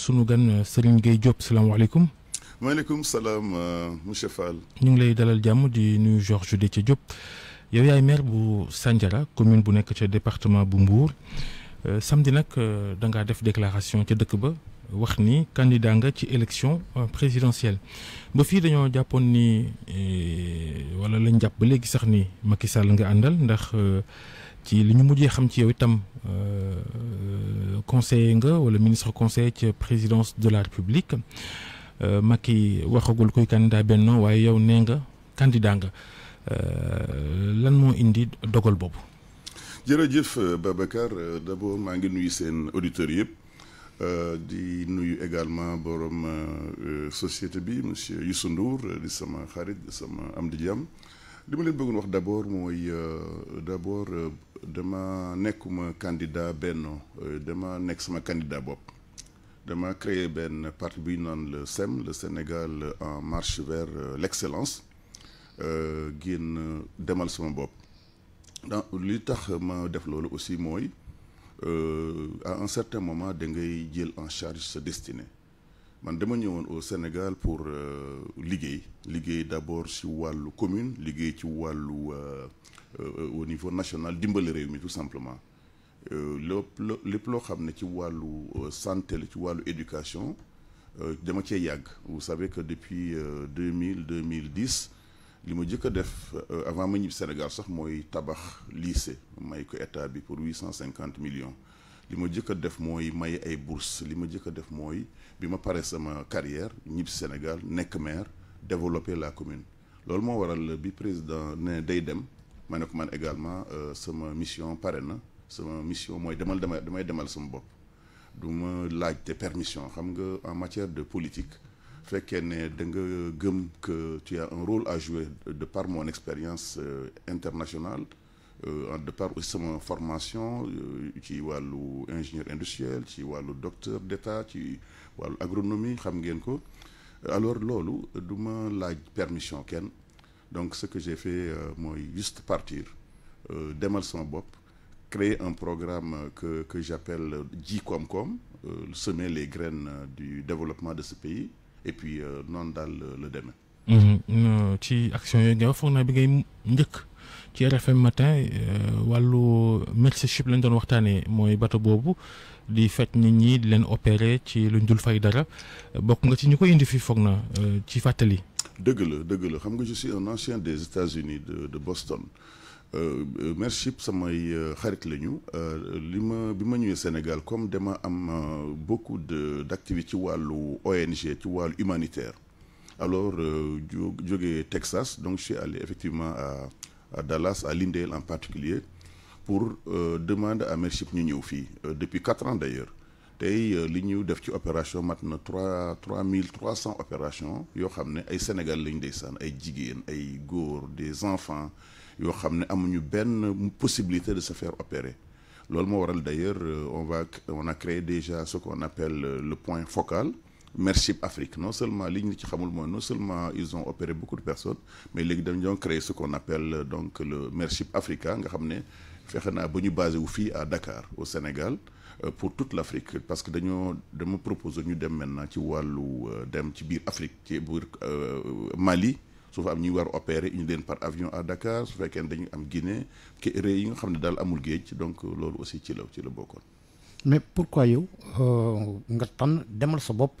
sunu gan euh, Serigne Gueye Diop wa alaykoum salam monsieur Fall. ñu ngi lay dalal jamm di nuyu Georges Déthié Diop yow yaay maire bu Sandiara commune bu nek ci département bu Mbour euh, samedi nak euh, da nga def déclaration ci dëkk ba wax ni candidat nga ci élection présidentielle ba fi dañu japon ni wala lañu japp légui sax ni Macky Sall nga andal ndax ci li ñu mujjee xam ci yow itam euh, conseiller nga wala ministre conseiller ci présidence de la république euh, Macky waxagul koy candidat Benno waaye yow nee nga candidat nga euh, lan mo indi dogal boobu. jërëjëf Babacar d'abord ma ngi nuyu seen auditeurs yëpp di nuyu également borom société bi monsieur Youssou Ndour di sama xarit di sama je vous d'abord que euh, d'abord suis euh, un candidat je suis un candidat Je suis créé ben parti le SEM le Sénégal en marche vers euh, l'excellence suis est sama Dans li tax ma aussi moi à un certain moment je ngay en charge se destinée man dama ñëwoon au Sénégal pour euh, liggéey liggéey d'abord ci wàllu commune liggéey ci wàllu euh, euh, au niveau national dimbali réew mi tout simplement lépp lépp loo xam ne ci wàllu santé la ci wàllu éducation dama cee yàgg vous savez que depuis 2000-2010, li ma jëkk a def avant ma Sénégal sax mooy tabax lycée may ko état bi pour 850 millions li ma jëkk a def mooy may ay bourse li ma jëkk a def mooy suis ma de ma carrière ñib Sénégal nekk maire développer la commune loolu moo waral bi président de Daydem, dem ma également ko man également euh, sama mission parrainée. sama mission que demal de damay demal sama bopp du ma permission en matière de politique Je ne que tu as un rôle à jouer de par mon expérience euh, internationale euh, de par aussi une formation euh, ci est ingénieur industriel ci le docteur d'état ci est agronomie alors lolo, du ma permission donc ce que j'ai fait euh, moi juste partir démarrer son bop, créer un programme que que j'appelle GICOMCOM, semer les graines du développement de ce pays et puis le demain. le demee. Mm-hmm. ci action ci RFM matin euh, wàllu médecinship lañ doon waxtane moy bato bobu di faj nit ñi di len opérer ci luñ dul fay dara bokku nga ci ñuko indi fi fogna euh, ci fatali deug la deug la xam nga je suis un ancien des États-Unis de de Boston. Euh, Mership samay xarit lañu lima bima bi ma Sénégal comme dama am beaucoup de d'activités ci wàllu ONG ci walu humanitaire alors jógee Texas donc je suis allé effectivement à à Dallas, à Lindale en particulier, pour euh, demander à Mership nous euh, depuis 4 ans d'ailleurs Et euh, li fait def ci opération maintenant 3300 opérations, trois mille trois cent opération ay Sénégal gourds, des enfants Yo y a amuñu benn possibilité de se faire opérer loolu d'ailleurs on va on a créé déjà ce qu'on appelle le point focal Mership Afrique non seulement li ñu ci xamul non seulement ils ont opéré beaucoup de personnes mais léegi dañu créé créer ce qu'on appelle euh, donc le Mership africain nga xam ne fexe naa basé wu à Dakar au Sénégal euh, pour toute l'Afrique parce que de me proposer ñu dem maintenant ci wàllu euh, dem ci biir Afrique ci biir Mali sauf à am war opérer ñu leen par avion à Dakar su fekkee ne dañu am Guinée ki réew yi nga xam dal amul donc l'autre aussi ci la ci la bokkoon. mais pourquoi yow nga tànn demal sa bopp.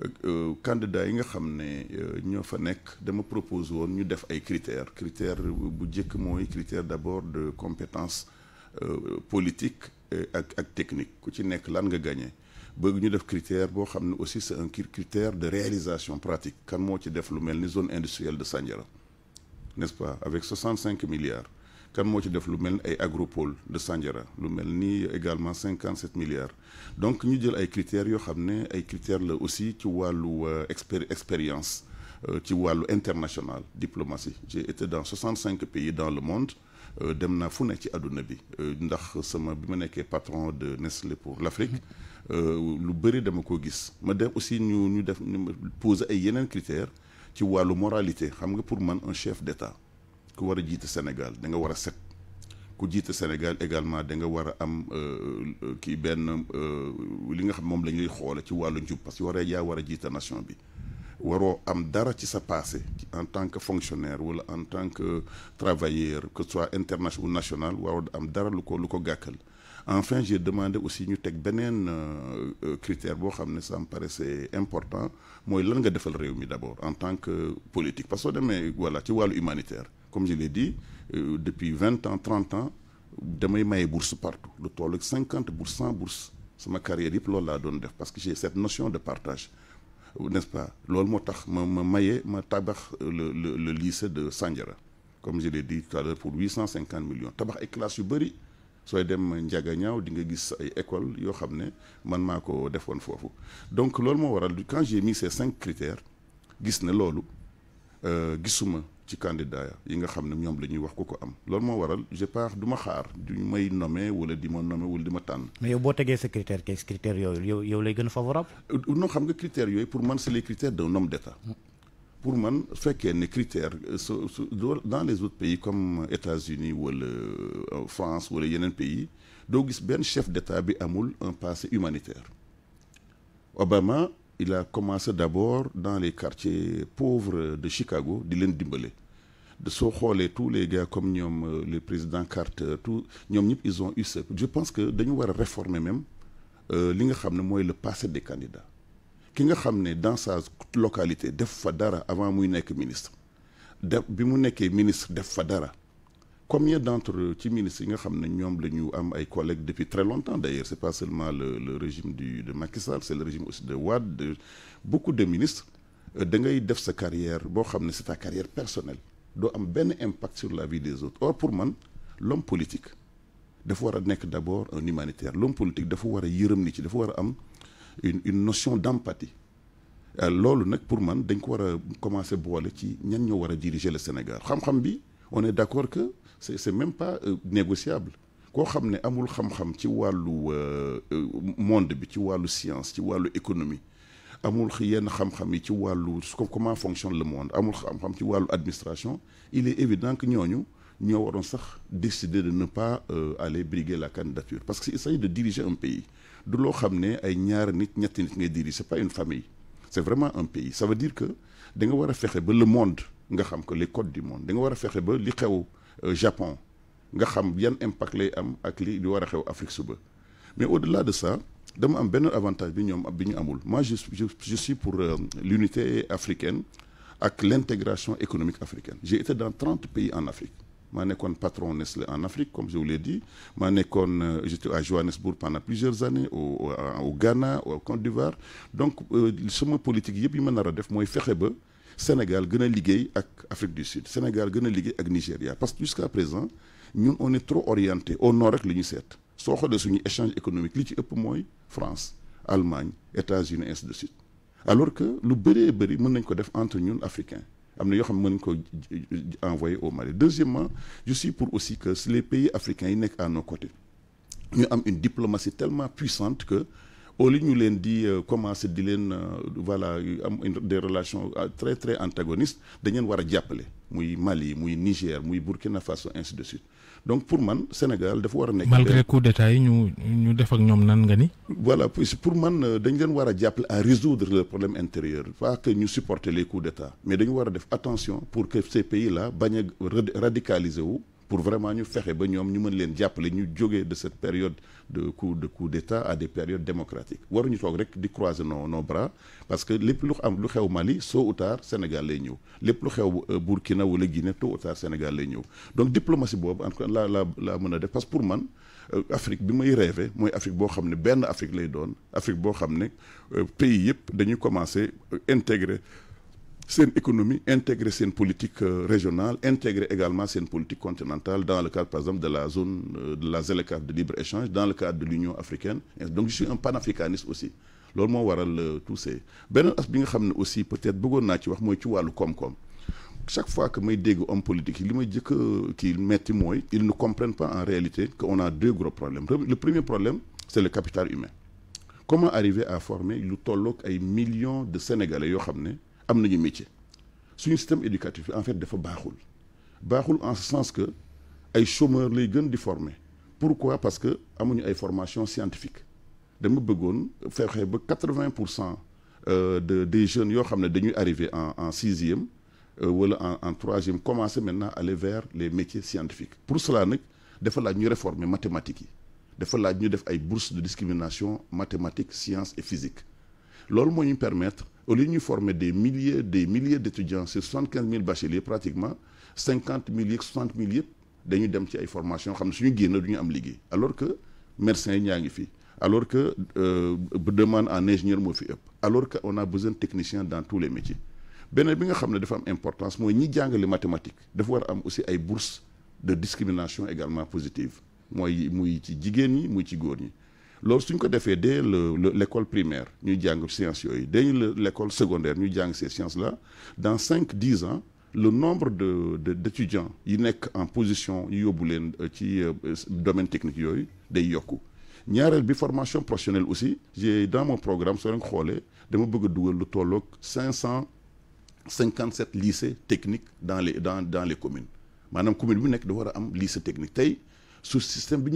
Euh, euh, candidat yi nga xamné ne euh, ñoo fa nekk dama propose won ñu def ay critères critères bu njëkk mooy critères d'abord de compétence politique ak ak technique ku ci nek lan nga gagner bëgg ñu def critères bo xamné aussi c'est un critère de réalisation pratique kan mo ci def lu melni zone industrielle de Sanjara n'est-ce pas avec 65 milliards comme moi, ci def lu agropole de Sandiara lu également 57 milliards donc nous avons des critères des critères aussi qui ont l'expérience, euh, expérience euh, ci l'international, diplomatie j'ai été dans 65 pays dans le monde euh, dem naa à ne ci àdduna bi ndax patron de Nestlé pour l'Afrique lu bëri dama ko Mais ma Mais aussi nous avons posé un critères qui est la moralité xam pour moi, un chef d'État ku war a jiite Sénégal da nga war a set ku jiite Sénégal également da nga war a am euh, euh, kii benn euh, li nga xam moom la ñuy xoole ci wàllu njub parce que waree yaa war a jiite nation bi waroo am dara ci sa passé en tant que fonctionnaire wala en tant que travailleur que ce soit international ou national waroo am dara lu ko lu ko gàkkal enfin j'ai demandé aussi ñu teg beneen critère boo xam ça me paraissait important mooy lan nga defal réew mi d'abord en tant que politique parce que soo demee voilà ci wàllu humanitaire comme je l'ai dit, euh, depuis 20 ans, 30 ans, damay des bourses partout Le toll 50 50% bourse bourses. C'est ma carrière c'est ce que doon def parce que j'ai cette notion de partage n'est-ce pas loolu moo ma ma euh, le lycée de Sandiara comme je l'ai dit tout à l'heure pour 850 millions tabax ay classes yu bëri dem Ndiaganiao di nga gis ay écoles man mako donc loolu mo waral quand j'ai mis ces cinq critères gis ne euh gisuma ci candidat yi nga xamne ñom lañuy wax ko ko am lool mo waral je pars duma ma xaar du may nommé wala di ma nommé wala di ma mais yow bo tegee ce critère kay critère yooyu yow yow lay gën favorable. non xam nga critère yoy pour man c'est les critères d'un homme d'État. Mm. pour man fekké né critère dans les autres pays comme États-Unis wala euh, France wala yenen pays do gis ben chef d'État bi amul un passé humanitaire Obama il a commencé d'abord dans les quartiers pauvres de Chicago de l'île de soo et tous les gars comme euh, le président Carter tout ils ont eu ce je pense que de nous réformer même euh, li le passé des candidats ki nga dans sa localité def fa dara avant muy nekk ministre def bi ministre def fa combien d'entre ces ministres vous nga collègues depuis très longtemps d'ailleurs c'est pas seulement le régime du de Macky Sall c'est le régime aussi de Wade beaucoup de ministres euh, da ngay def sa carrière boo xam c'est ta carrière personnelle doo un bon impact sur la vie des autres or pour moi, l'homme politique il faut être d'abord un humanitaire l'homme politique il faut avoir une une notion d'empathie Alors, euh, pour moi, dañ ko commencer boole ci ñan diriger le Sénégal xam-xam bi on est d'accord que ce n'est même pas euh, négociable Quand on sait amul xam-xam ci walu euh, euh, monde bi ci walu science ci walu économie amul xiyen xam-xam ci walu comment fonctionne le monde amul xam-xam ci walu administration il est évident que nous, ño waron sax décider de ne pas aller briguer la candidature parce que c'est s'agit de diriger un pays Ce n'est ay c'est pas une famille c'est vraiment un pays ça veut dire que da nga le monde nga xam que les codes du monde Les nga war a fexe ba li xew euh, Japon nga xam yan impact lay am ak li di war a xew Afrique suba mais au-delà de ça dama am benn avantage bi ñoom moi je je suis pour euh, l'unité africaine ak l'intégration économique africaine j'ai été dans 30 pays en Afrique maa nekkoon patron Nestlé en Afrique comme je vous l'ai dit maa euh, j'étais à Johannesburg pendant plusieurs années au au Ghana au Côte d'Ivoire donc sama politique yëpp yi ma a def mooy fexe Sénégal est a Afrique du Sud Sénégal gën a avec ak Nigeria. parce que jusqu'à présent nous on est trop orienté au nord avec l'UNICEF. ñu seet soo échange économique li ci ëpp France Allemagne États-Unis ainsi de suite alors que lu bëree bëri mën nañ ko def entre ñun africains Nous sommes envoyé au Mali deuxièmement je suis pour aussi que les pays africains yi à nos côtés Nous avons une diplomatie tellement puissante que au lieu de di commencer di voilà des relations euh, très très antagonistes nous wara Nous Mali muy Niger muy Burkina Faso ainsi de suite donc pour man Sénégal dafa wara nek malgré coup d'état nous ñu ñu def ak nan nga ni. voilà pour man euh, dañ leen wara à résoudre le problème intérieur pas que ñu supporter les coups d'état mais dañ wara def attention pour que ces pays là ne se radicaliser pas pour vraiment ñu fexe ba ñoom ñu mën leen jàppale ñu de cette période de coup de coup d'état à des périodes démocratiques waruñu toog rek di croiser nos nos bras parce que les lu am lu xew Mali tôt ou tard Sénégal lay ñëw lépp lu xew euh, Burkina wala Guinée tôt ou tard Sénégal lay ñëw donc diplomatie bob en la la laa mën parce pour man euh, Afrique bi may rêvé moy Afrique bo xamné ne benn Afrique lay doon Afrique bo xamné euh, pays yépp dañuy commencer intégrer une économie intégrer une politique euh, régionale intégrer également c'est une politique continentale dans le cadre par exemple de la zone euh, de la zone de libre échange dans le cadre de l'Union africaine donc je suis un panafricaniste aussi waral euh, tout nga aussi peut-être beaucoup de ci wax ci chaque fois que may dégg homme politique il me dit qu'il ils ne comprennent pas en réalité qu'on a deux gros problèmes le premier problème c'est le capital humain comment arriver à former lu à des millions de sénégalais am nañu métier suñu système éducatif en fait dafa baaxul baaxul en ce sens que ay chômeurs lay gën di former pourquoi parce que amuñu ay formation scientifique dama bëggoon fexe ba 80% euh, de des jeunes yoo xam ne dañuy en en sixième euh, wala en en troisième commencer maintenant aller vers les métiers scientifiques pour cela nag dafa laaj ñu réformer mathématiques yi dafa laaj ñu def ay bourses de discrimination mathématiques sciences et physique lors nous permettre au lieu de former des milliers, des milliers d'étudiants, c'est 75 000 bacheliers pratiquement, 50 000, 60 000 d'ailleurs ont petit formation, comme si nous gagnons du ligue. Alors que merci n'y a alors que euh, demande en ingénieur alors qu'on a besoin de techniciens dans tous les métiers. Ben qui est important, femmes importance, moi ni les mathématiques, de voir aussi une bourse de discrimination également positive. Moi, moi, ici, digéni, moi, ici, gorni. Lorsqu'on suñ ko l'école dès le nous avons primaire les sciences yooyu dès l'école secondaire nous jàng ces sciences là dans 5-10 ans le nombre de de sont en position de le euh, euh, domaine technique yooyu day yokku ñaareel bi formation professionnelle aussi j'ai dans mon programme sur un xoolee dama bëgg a 557 lycées techniques dans les dans dans les communes maanaam commune bi nekk a lycée technique ce système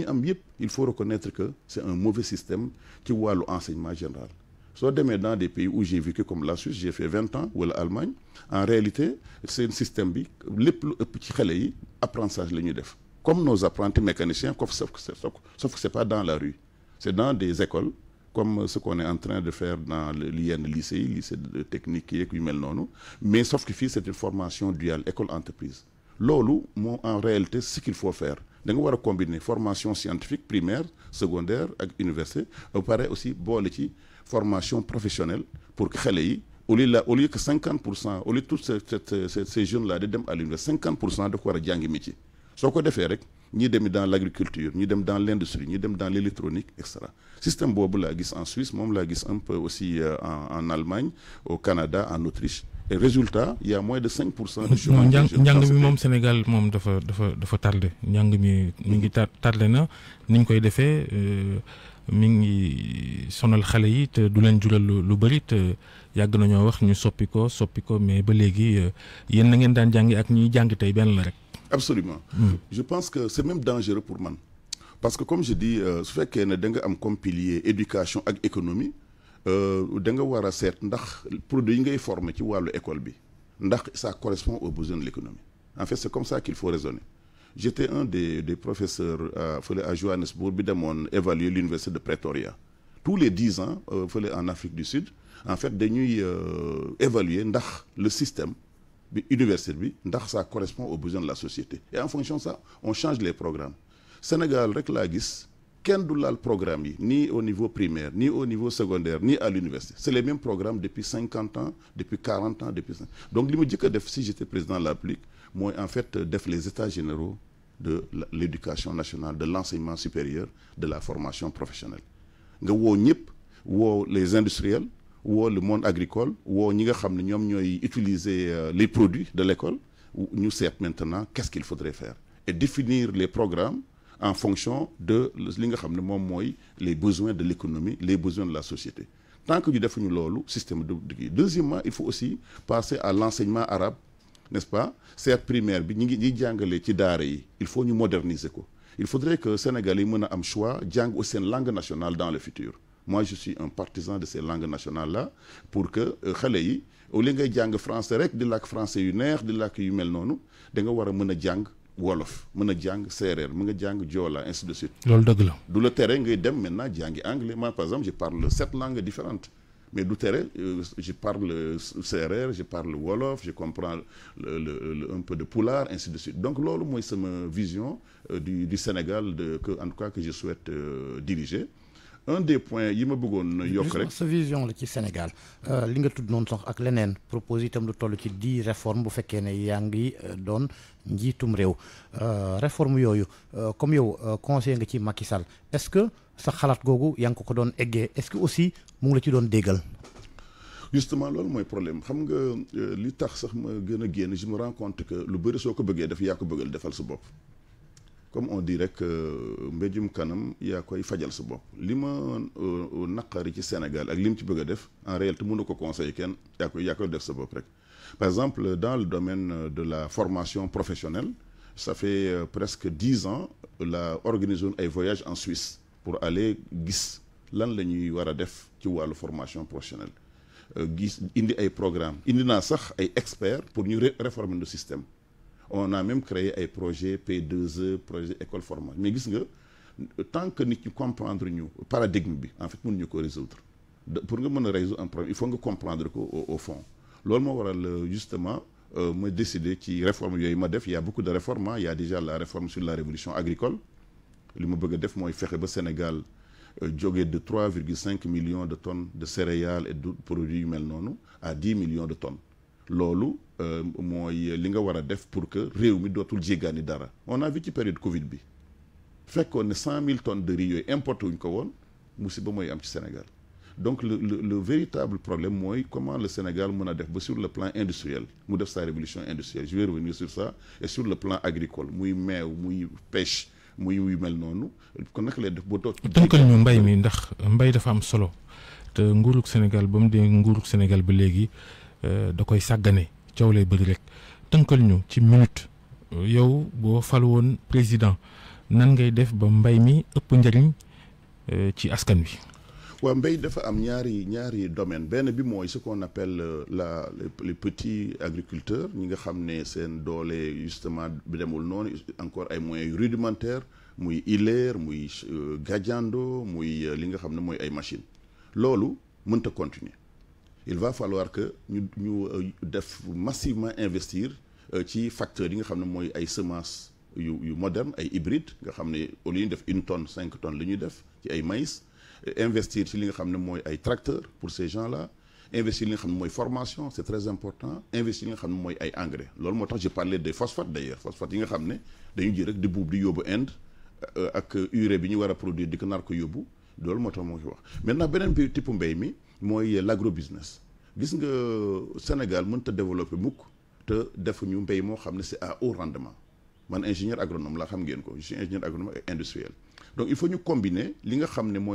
il faut reconnaître que c'est un mauvais système qui voit l'enseignement général Soit demain dans des pays où j'ai vécu comme la Suisse j'ai fait 20 ans ou l'Allemagne, en réalité c'est un système qui, les petits ëpp apprentissage comme nos apprentis mécaniciens sauf que ce n'est pas dans la rue c'est dans des écoles comme ce qu'on est en train de faire dans l'IN lycée lycée de technique qui maintenant mais sauf que c'est une formation duale école entreprise Là, en réalité ce qu'il faut faire donc, on war combiner formation scientifique primaire secondaire ak université ba pare aussi boole ci formation professionnelle pour que xale yi au lieu au lieu que 50 au lieu tous ces ces jeunes là de dem à l'université 50 de quoi dafa war a métier soo ko defee rek ñi dem dans l' agriculture ñu dem dans l' industrie ñu dem dans l' électronique et cetera système boobu laa gis en Suisse moom laa gis un peu aussi euh, en en Allemagne au Canada en Autriche et résultat il y a moins de 5 pour cent de chômage njàng mi moom Sénégal moom dafa dafa dafa tardé njàng mi mi ngi tardé na ni ñu koy defee euh, mi ngi sonal xale yi te du leen jural lu bëri te yàgg nañoo wax ñu soppi ko soppi ko mais ba léegi euh, yéen na ngeen daan jàngi ak ñuy jàng tey benn la rek. Absolument. Hmm. Je pense que c'est même dangereux pour moi. Parce que comme je dis, ce fait qu'il y a pilier éducation et économie, euh, a ndax ça correspond aux besoins de l'économie en fait c'est comme ça qu'il faut raisonner j'étais un des professeurs euh, à Johannesburg bi on évaluer l'université de Pretoria tous les dix ans euh, en Afrique du Sud en fait nuits euh, évaluer le système bi université bi ça correspond aux besoins de la société et en fonction de ça on change les programmes Sénégal rek la gis du programme ni au niveau primaire ni au niveau secondaire ni à l'université c'est les mêmes programmes depuis 50 ans depuis 40 ans depuis donc il me dit que si j'étais président de la République moi en fait def les états généraux de l'éducation nationale de l'enseignement supérieur de la formation professionnelle nga les industriels ou le monde agricole ou nous nga utiliser euh, les produits de l'école nous savons maintenant qu'est-ce qu'il faudrait faire et définir les programmes en fonction de li nga les besoins de l'économie les besoins de la société tant que ñu defuñu lolu système de deuxièmement il faut aussi passer à l'enseignement arabe n'est-ce pas C'est primaire bi ñi ngi jàngalé ci daara yi il faut ñu moderniser ko il faudrait que Sénégal Sénégalais aient le choix jàng aussi langue nationale dans le futur moi je suis un partisan de ces langues nationales-là pour que euh, xale yi au lieu ngay jàng français rek de lac français yu neex de làkk yu mel noonu da nga war jàng wolof mën a jàng séeréer nga ainsi de suite. D'où le la du la tere ngay dem maintenant jàngi anglais moi par exemple je parle sept langues différentes mais du terrain euh, je parle CRR, euh, je parle wolof je comprends le, le, un peu de pulaar ainsi de suite donc loolu mooy sama vision du du Sénégal de que en tout cas que je souhaite diriger. un des point yi ma bëggoon yokk rek sa vision la ci Sénégal euh, li nga tudd noonu sox ak leneen propose tam lu toll ci di réforme bu fekkee ne yaa ngi euh, doon njiitum réew euh, réforme yooyu comme yow conseiller nga ci Macky Sall est-ce que sa xalaat googu yaa ngi ko ko doon eggee est-ce que aussi mu ngi la ci doon déggal justement loolu mooy problème xam nga li tax sax ma gën a génn je que lu bari soo ko bëggee def yaa ko bëggal defal sa bopp comme on dirait que mbéjum kanam yaa koy fajal sa bopp li ma euh, euh, naqari ci Sénégal ak li mu ci bëgg a def en réalité mënu ko conseiller kenn il koy a koy def par exemple dans le domaine de la formation professionnelle ça fait euh, presque dix ans la organisation ay voyage en Suisse pour aller gis lan des ñuy war a def ci formation professionnelle gis a un programme il y sax ay experts pour ñu réformer le système on a même créé un projet P2E projet école formelle mais vous nga tant que nous comprenons le paradigme en fait nous ñu ko résoudre pour nga nous résoudre un problème il faut comprendre au fond Lorsque euh, justement euh, me décidé ci réforme a ma def il y a beaucoup de réformes hein. il y a déjà la réforme sur la révolution agricole li ma bëgg a def que le ba Sénégal euh, de 3,5 millions de tonnes de céréales et de produits humains à 10 millions de tonnes loolu euh, mooy li nga war def pour que réew mi tout jéggaani dara on a vu ci période Covid bi fekkoon ne 100 000 tonnes de riz yooyu importé wuñ ko woon musiba mooy am ci Sénégal donc le le le véritable problème mooy comment le Sénégal mën a def ba sur le plan industriel mu def sa révolution industrielle je vais revenir sur ça et sur le plan agricole muy meew muy pêche muy yu mel noonu kon naka lay def donc toog. tënkal ñu mbay mi ndax mbay am solo te nguurug Sénégal ba de dee nguurug Sénégal ba léegi euh, da koy sàggane coow lay bëri rek tënkal ñu ci minute yow boo fal woon président nan ngay def ba mbay mi ëpp njëriñ euh, ci askan wi. waaw mbay dafa am ñaari ñaari domaine benn bi mooy ce qu'on appelle euh, la les petits agriculteurs ñi nga xam ne seen doole justement bi demul noonu encore ay moyens yu rudimentaires muy ileer muy euh, gajando muy li nga xam ne mooy ay machines loolu mënta continuer il va falloir que ñu ñu euh, def massivement investir euh, ci facteurs yi nga xamné moy ay semences yu yu modernes ay hybrides nga xamné au lieu ñu def une tonne cinq tonnes li ñu def ci ay maïs euh, investir ci li nga xamné moy ay tracteurs pour ces gens là investir li nga xamné moy formation c'est très important investir li nga xamné moy ay engrais lool motax j'ai parlé des phosphates d'ailleurs phosphates yi nga xamné ne dañu ji rek di boub di yobu Inde ak urée bi ñu wara produire dik ko nar ko yobu lool motax mo moo ci wax maintenant benen bi type mbéy mi c'est l'agrobusiness business nga euh, Sénégal peut a développer un te faire un un c'est à haut rendement Je suis ingénieur agronome je suis ingénieur agronome et industriel donc il faut ñu combiner li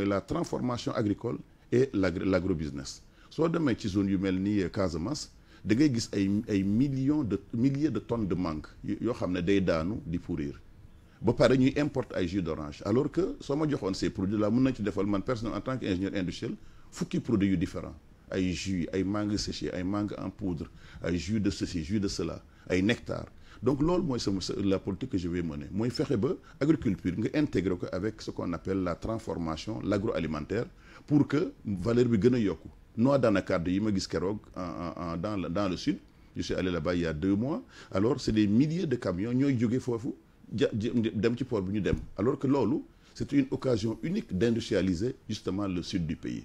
la transformation agricole et l'agrobusiness business Si ci zone yu mel ni de euh, ngay gis des de milliers de tonnes de manque, yo xam des day daanu pourrir ba pare ñuy importe jus d'orange alors que si on a ces produits là mën nañ ci personnel en tant qu'ingénieur industriel faut produits différents ay jus ay mangue séché ay mangue en poudre ay jus de ceci jus de cela ay nectar donc c'est la politique que je vais mener mooy faire ba agriculture nga intégrer avec ce qu'on appelle la transformation l'agroalimentaire pour que valeur bi Yoko, a yokku dans le sud je suis allé là-bas il y a deux mois alors c'est des milliers de camions qui jóge foofu port alors que c'est une occasion unique d'industrialiser justement le sud du pays